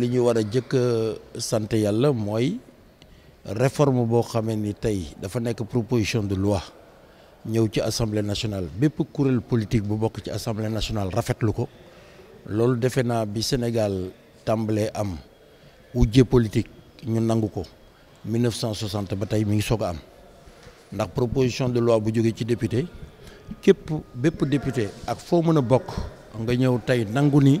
li ñuy war a jëkk sant yàlla mooy réforme boo xamee ni tey dafa nekk proposition de loi ñëw ci assemblée nationale bépp kuréel politique bu bokk ci assemblée nationale rafetlu ko loolu defe naa bi Sénégal tàmbalee am wujje politique ñu nangu ko 1960 ba tey mi ngi soog a am ndax proposition de loi bu jógee ci député képp bépp député ak foo mën a bokk nga ñëw tey nangu ni.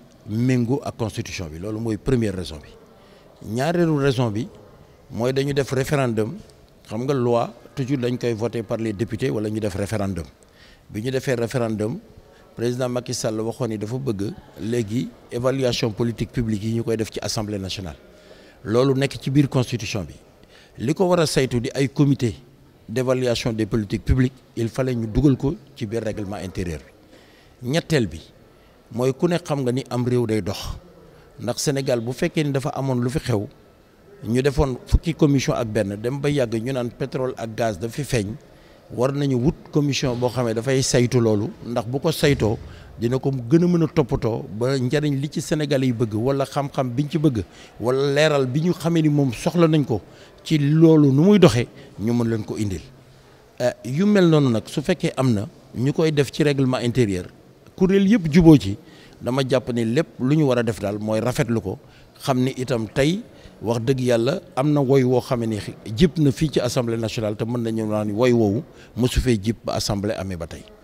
à la constitution bi lolou moy première raison bi ñaareelu raison bi moy dañu def référendum xam nga loi toujours dañ koy voter par les députés wala ñu def référendum bi ñu le référendum président Macky Sall waxone qu'il dafa bëgg une évaluation politique publique yi ñukoy Nationale. def ci assemblée nationale lolou nek ci biir constitution bi liko wara a saytu di comité d'évaluation des politiques publiques il fallait ñu nous ko ci biir règlement intérieur ñettel bi mooy ku ne xam nga ni am réew day dox ndax Sénégal bu fekkee ni dafa amoon lu fi xew ñu defoon fukki commission ak benn dem ba yàgg ñu naan pétrole ak gaz dafa fi feeñ war nañu wut commission boo xamee dafay saytu loolu ndax bu ko saytoo dina ko gën a mën a toppatoo ba njariñ li ci Sénégal yi bëgg wala xam-xam biñ ci bëgg wala leeral bi ñu xamee ni moom soxla nañ ko ci loolu nu muy doxee ñu mën leen ko indil euh, yu mel noonu nag su fekkee am na ñu koy def ci règlement intérieur kuréel yëpp juboo ci dama jàpp ni lépp lu ñu war a def daal mooy rafetlu ko xam ni itam tey wax dëgg yàlla am na woy woo xam ne jib na fii ci assemblée nationale te mën nañu naan woy woowu mosu fee jib ba assemblée amee ba tey.